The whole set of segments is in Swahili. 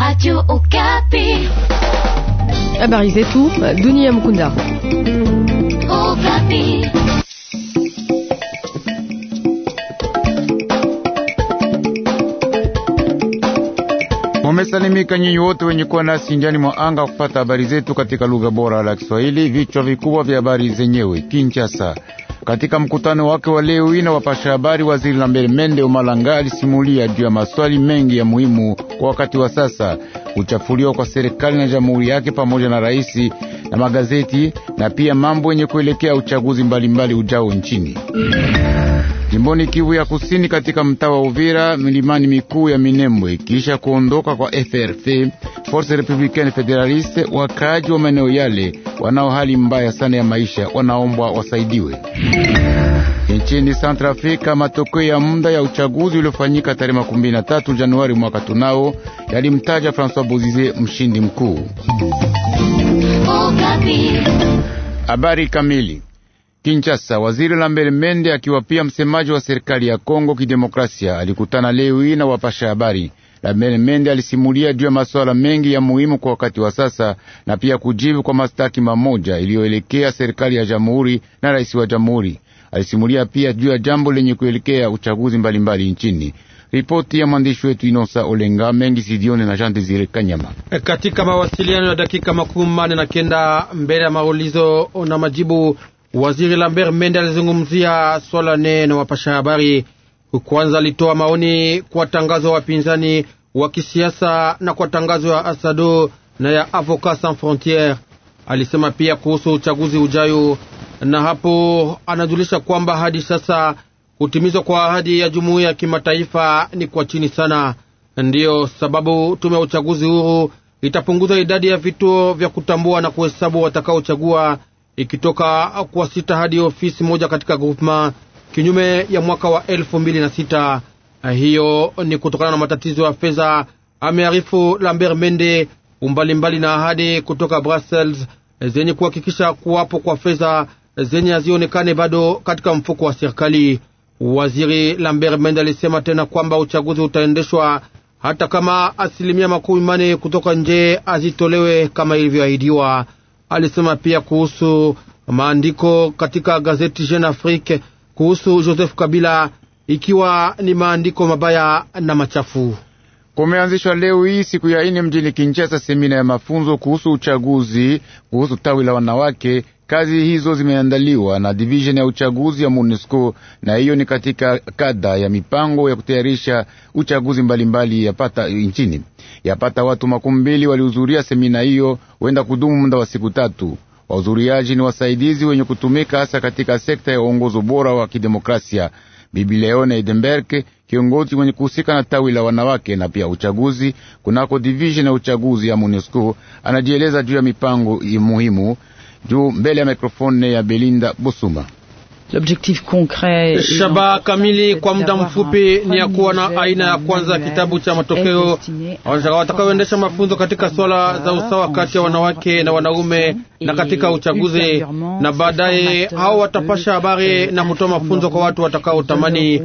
Radio Okapi. Habari zetu Dunia Mkunda. Okapi. Mumesalimika nyinyi wote wenye kuwa nasi njani mwa anga kupata habari zetu katika lugha bora la Kiswahili. Vichwa vikubwa vya habari zenyewe. Kinshasa katika mkutano wake wa leo ina wapasha habari, waziri Lambert Mende Omalanga alisimulia juu ya maswali mengi ya muhimu kwa wakati wa sasa: kuchafuliwa kwa serikali na jamhuri yake pamoja na raisi na magazeti na pia mambo yenye kuelekea uchaguzi mbalimbali mbali ujao nchini. Jimboni Kivu ya Kusini, katika mtaa wa Uvira, milimani mikuu ya Minembwe, kisha kuondoka kwa FRF, Force Republicaine Federaliste, wakaaji wa maeneo yale wanao hali mbaya sana ya maisha, wanaombwa wasaidiwe. Nchini Santrafrika, matokeo ya muda ya uchaguzi uliofanyika tarehe makumi na tatu Januari mwaka tunao yalimtaja François Bozize mshindi mkuu. Habari kamili. Kinshasa, waziri Lambert Mende akiwa pia msemaji wa serikali ya Kongo Kidemokrasia alikutana leo hii na wapasha habari. Lambert Mende alisimulia juu ya masuala mengi ya muhimu kwa wakati wa sasa na pia kujibu kwa mastaki mamoja iliyoelekea serikali ya jamhuri na rais wa jamhuri. Alisimulia pia juu ya jambo lenye kuelekea uchaguzi mbalimbali mbali nchini. Ripoti ya mwandishi wetu Inosa Olenga Mengi Sidione na Jean Desire Kanyama. E, katika mawasiliano ya dakika makumi mane na kenda mbele ya maulizo na majibu, waziri Lambert Mende alizungumzia swala neno na wapasha habari. Kwanza alitoa maoni kwa tangazo ya wapinzani wa kisiasa na kwa tangazo ya Asado na ya Avocat Sans Frontiere. Alisema pia kuhusu uchaguzi ujayo, na hapo anajulisha kwamba hadi sasa kutimizwa kwa ahadi ya jumuiya ya kimataifa ni kwa chini sana. Ndiyo sababu tume ya uchaguzi huru itapunguza idadi ya vituo vya kutambua na kuhesabu watakaochagua ikitoka kwa sita hadi ofisi moja katika groupema, kinyume ya mwaka wa elfu mbili na sita. Hiyo ni kutokana na matatizo ya fedha, amearifu Lambert Mende, umbalimbali na ahadi kutoka Brussels zenye kuhakikisha kuwapo kwa fedha zenye hazionekane bado katika mfuko wa serikali. Waziri Lambert Mende alisema tena kwamba uchaguzi utaendeshwa hata kama asilimia makumi mane kutoka nje azitolewe kama ilivyoahidiwa. Alisema pia kuhusu maandiko katika gazeti Jeune Afrique kuhusu Joseph Kabila, ikiwa ni maandiko mabaya na machafu. Kumeanzishwa leo hii siku ya ine mjini Kinshasa semina ya mafunzo kuhusu uchaguzi kuhusu tawi la wanawake Kazi hizo zimeandaliwa na divisheni ya uchaguzi ya MONUSCO na hiyo ni katika kada ya mipango ya kutayarisha uchaguzi mbalimbali yapata nchini. Yapata watu makumi mbili walihudhuria semina hiyo, huenda kudumu muda wa siku tatu. Wahudhuriaji ni wasaidizi wenye kutumika hasa katika sekta ya uongozo bora wa kidemokrasia. Bibi Leone Edenberg, kiongozi mwenye kuhusika na tawi la wanawake na pia uchaguzi kunako divisheni ya uchaguzi ya MONUSCO, anajieleza juu ya mipango muhimu juu mbele ya mikrofone ya Belinda Busuma. Shabaha kamili kwa muda mfupi ni ya kuwa na aina ya kwanza ya kitabu cha matokeo watakaoendesha mafunzo katika swala za usawa kati ya wanawake na wanaume na katika uchaguzi, na baadaye hao watapasha habari na kutoa mafunzo kwa watu watakaotamani.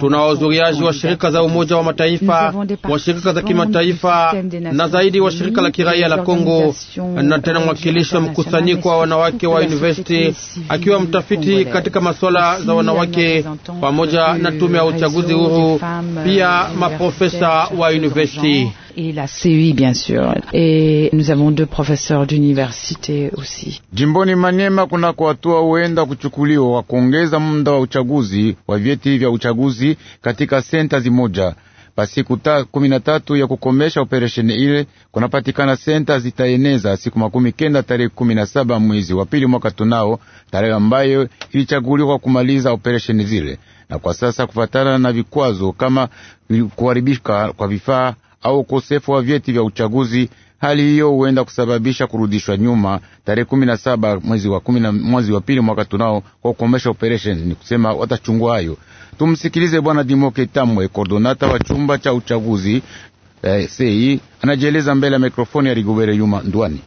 Tuna wahudhuriaji wa shirika za Umoja wa Mataifa, wa shirika za kimataifa na zaidi wa shirika la kiraia la Kongo, na tena mwakilishi wa mkusanyiko wa wanawake wa university akiwa mtafiti katika masuala za wanawake, pamoja na tume ya uchaguzi huru, pia maprofesa wa university et la CEI bien sûr. Et nous avons deux professeurs d'université aussi. Jimboni manema kuna kuatua huenda kuchukuliwa wa kuongeza muda wa uchaguzi wa vyeti vya uchaguzi katika senta zimoja pasiku ta kumi na tatu ya kukomesha operesheni ile kunapatikana senta zitaeneza siku makumi kenda tarehe kumi na saba mwezi wa pili mwaka tunao, tarehe ambayo ilichaguliwa kumaliza operesheni zile, na kwa sasa kufatana na vikwazo kama kuharibika kwa vifaa au ukosefu wa vyeti vya uchaguzi. Hali hiyo huenda kusababisha kurudishwa nyuma tarehe kumi na saba mwezi wa kumi na mwezi wa pili mwaka tunao kwa kukomesha operations, ni kusema watachungua hayo. Tumsikilize Bwana Dimoke Tamwe, kordonata wa chumba cha uchaguzi eh, sei anajieleza mbele ya mikrofoni ya Rigobere Yuma Ndwani.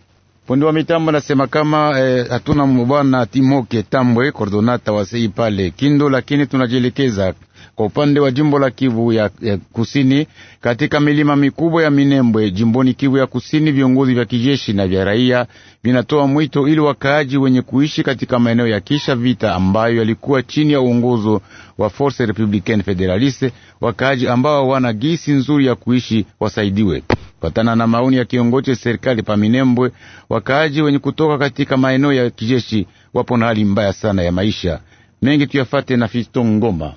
Fundi wa mitambo nasema kama eh, hatuna mbwana Timoke Tambwe kordonata wasei pale Kindo, lakini tunajielekeza kwa upande wa jimbo la Kivu ya, ya kusini katika milima mikubwa ya Minembwe jimboni Kivu ya kusini. Viongozi vya kijeshi na vya raia vinatoa mwito ili wakaaji wenye kuishi katika maeneo ya kisha vita ambayo yalikuwa chini ya uongozo wa Force Republicaine Federaliste, wakaaji ambao wana gisi nzuri ya kuishi wasaidiwe. Kufatana na maoni ya kiongozi serikali pa Minembwe, wakaaji wenye kutoka katika maeneo ya kijeshi wapo na hali mbaya sana ya maisha mengi. Tuyafate na Fisto Ngoma.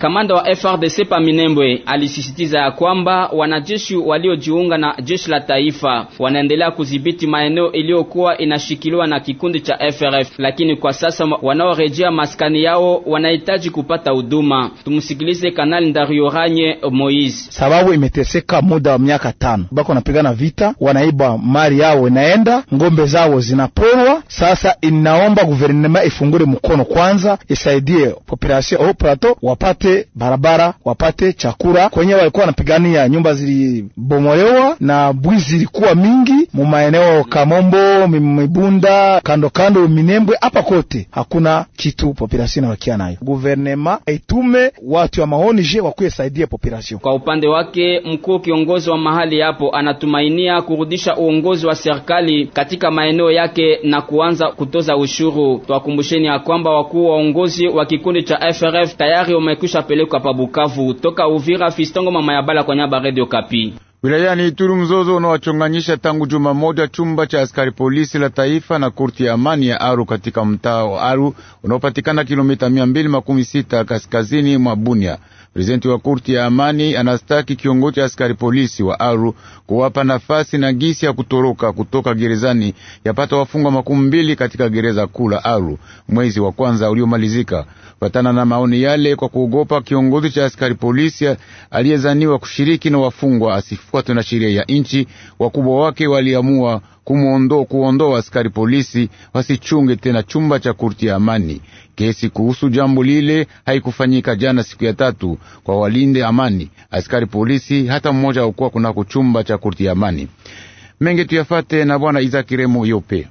Kamanda wa FRDC Paminembwe alisisitiza ya kwamba wanajeshi waliojiunga na jeshi la taifa wanaendelea kudhibiti maeneo iliyokuwa inashikiliwa na kikundi cha FRF, lakini kwa sasa wanaorejea maskani yao wanahitaji kupata huduma. Tumsikilize Kanali Ranye Moise. Sababu imeteseka muda wa miaka tano, bako wanapigana vita, wanaiba mali yao, inaenda ngombe zao zinaporwa. Sasa inaomba guvernema ifungule mkono kwanza, isaidie population au plateau wapate wapate barabara, wapate chakula. Kwenye walikuwa wanapigania, nyumba zilibomolewa na bwizi zilikuwa mingi mu maeneo Kamombo, Mibunda, kando kando, Minembwe, hapa kote hakuna kitu population inabakia nayo. Guvernema aitume watu wa je wakuye saidia population. Kwa upande wake, mkuu kiongozi wa mahali hapo anatumainia kurudisha uongozi wa serikali katika maeneo yake na kuanza kutoza ushuru. Twakumbusheni ya kwamba wakuu waongozi wa kikundi cha FRF tayari wamekwisha ushapelekwa pa Bukavu toka Uvira. Fistongo mama ya bala kwa nyaba Radio Kapi. Wilayani Ituri, mzozo unaochonganyisha tangu juma moja chumba cha askari polisi la taifa na kurti ya amani ya Aru katika mtaa wa Aru unaopatikana kilomita mia mbili makumi sita kaskazini mwa Bunia. Prezidenti wa korti ya amani anastaki kiongozi cha askari polisi wa Aru kuwapa nafasi na gisi ya kutoroka kutoka gerezani yapata wafungwa makumi mbili katika gereza kuu la Aru mwezi wa kwanza uliomalizika, patana na maoni yale, kwa kuogopa kiongozi cha askari polisi aliyezaniwa kushiriki na wafungwa asifuatwe na sheria ya nchi. Wakubwa wake waliamua kumuondoa kuondoa askari polisi wasichunge tena chumba cha korti ya amani. Kesi kuhusu jambo lile haikufanyika jana siku ya tatu kwa walinde amani, askari polisi hata mmoja hakuwa kunako chumba cha kurti ya amani. Mengi tuyafate na bwana Izaki Remo Yope.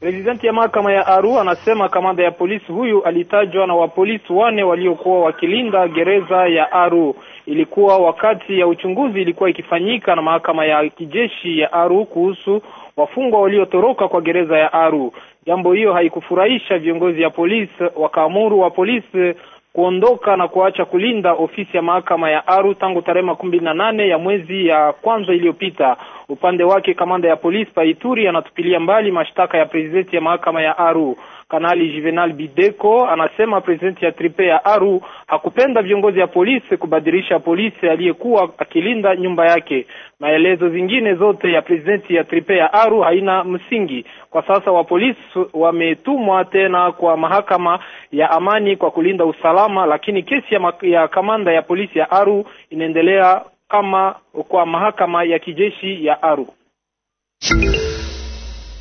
Prezidenti ya mahakama ya Aru anasema kamanda ya polisi huyu alitajwa na wapolisi wane waliokuwa wakilinda gereza ya Aru. Ilikuwa wakati ya uchunguzi ilikuwa ikifanyika na mahakama ya kijeshi ya Aru kuhusu wafungwa waliotoroka kwa gereza ya Aru. Jambo hiyo haikufurahisha viongozi ya polisi, wakaamuru wa polisi kuondoka na kuacha kulinda ofisi ya mahakama ya Aru tangu tarehe makumi na nane ya mwezi ya kwanza iliyopita. Upande wake kamanda ya polisi paituri anatupilia mbali mashtaka ya presidenti ya mahakama ya Aru. Kanali Juvenal Bideko anasema presidenti ya tripe ya Aru hakupenda viongozi ya polisi kubadilisha polisi aliyekuwa akilinda nyumba yake. Maelezo zingine zote ya presidenti ya tripe ya Aru haina msingi. Kwa sasa wa polisi wametumwa tena kwa mahakama ya amani kwa kulinda usalama, lakini kesi ya, ya kamanda ya polisi ya Aru inaendelea kama kwa mahakama ya kijeshi ya Aru.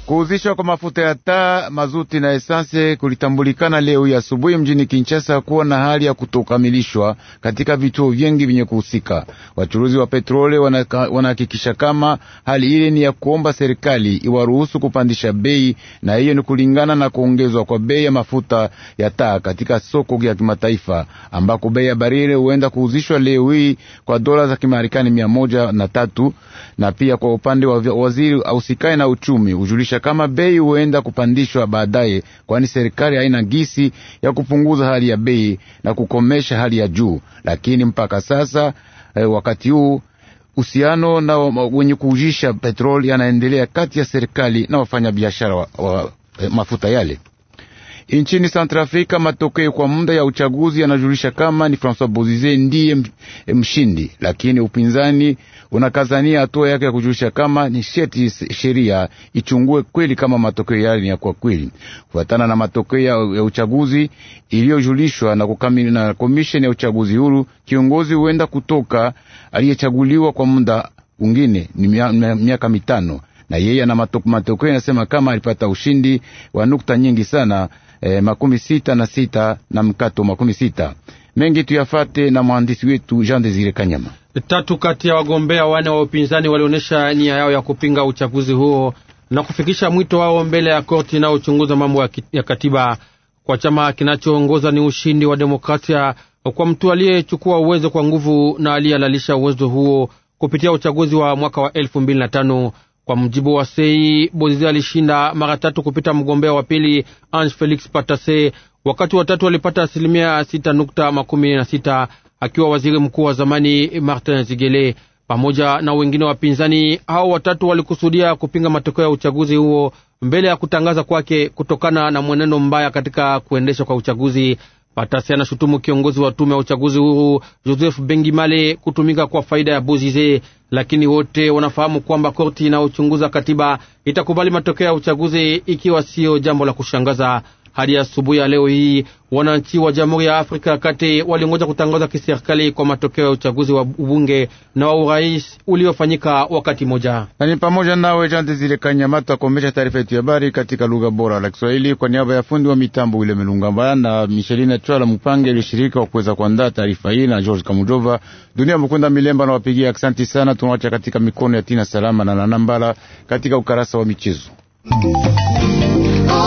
Kuuzishwa kwa mafuta ya taa, mazuti na esanse kulitambulikana leo ya asubuhi mjini Kinshasa kuwa na hali ya kutokamilishwa katika vituo vyengi vyenye kuhusika. Wachuruzi wa petrole wanahakikisha kama hali ile ni ya kuomba serikali iwaruhusu kupandisha bei, na hiyo ni kulingana na kuongezwa kwa bei ya mafuta ya taa katika soko ya kimataifa ambako bei ya barile huenda kuuzishwa leo hii kwa dola za Kimarekani mia moja na tatu, na pia kwa upande wa waziri ausikae na uchumi ujulisha kuhakikisha kama bei huenda kupandishwa baadaye, kwani serikali haina gisi ya kupunguza hali ya bei na kukomesha hali ya juu. Lakini mpaka sasa eh, wakati huu uhusiano na wenye kuujisha petroli yanaendelea kati ya serikali na wafanyabiashara wa, wa eh, mafuta yale. Inchini Santrafrika, matokeo kwa muda ya uchaguzi yanajulisha kama ni Francois Bozize ndiye mshindi, lakini upinzani unakazania hatua yake ya kujulisha kama ni sheti sheria ichungue kweli kama matokeo yale ni ya kwa kweli, kufuatana na matokeo ya ya uchaguzi iliyojulishwa na kukamili na komisheni ya uchaguzi huru. Kiongozi huenda kutoka aliyechaguliwa kwa muda mwingine ni miaka mitano na yeye ana matokeo yanasema kama alipata ushindi wa nukta nyingi sana eh, makumi sita na sita na mkato makumi sita. Mengi tuyafate na mwandisi wetu Jean Desire Kanyama. Tatu kati ya wagombea wane wa upinzani walionyesha nia yao ya kupinga uchaguzi huo na kufikisha mwito wao mbele ya korti inayochunguza mambo ya katiba. Kwa chama kinachoongoza ni ushindi wa demokrasia kwa mtu aliyechukua uwezo kwa nguvu na aliyehalalisha uwezo huo kupitia uchaguzi wa mwaka wa elfu mbili na tano. Kwa mjibu wa Sei, Bozize alishinda mara tatu kupita mgombea wa pili Ange Felix Patase, wakati watatu alipata asilimia sita nukta makumi na sita akiwa waziri mkuu wa zamani Martin Zigele pamoja na wengine wapinzani. Hao watatu walikusudia kupinga matokeo ya uchaguzi huo mbele ya kutangaza kwake kutokana na mwenendo mbaya katika kuendesha kwa uchaguzi patasi anashutumu kiongozi wa tume ya uchaguzi huru Joseph Bengimale kutumika kwa faida ya Bozize, lakini wote wanafahamu kwamba korti inayochunguza katiba itakubali matokeo ya uchaguzi, ikiwa siyo jambo la kushangaza. Hadi asubuhi ya leo hii wananchi wa Jamhuri ya Afrika ya Kati walingoja kutangaza kiserikali kwa matokeo ya uchaguzi wa ubunge na wa urais uliofanyika wakati moja. Na ni pamoja nawe Jante Zile Kanyamata akomesha taarifa yetu ya habari katika lugha bora la Kiswahili kwa niaba ya fundi wa mitambo Wile Melungamba na Michelina Twala Mupange ilishirika wa kuweza kuandaa taarifa hii na George Kamujova. Dunia Mukunda Milemba na wapigia aksanti sana. Tunawacha katika mikono ya Tina Salama na Nanambala katika ukarasa wa michezo.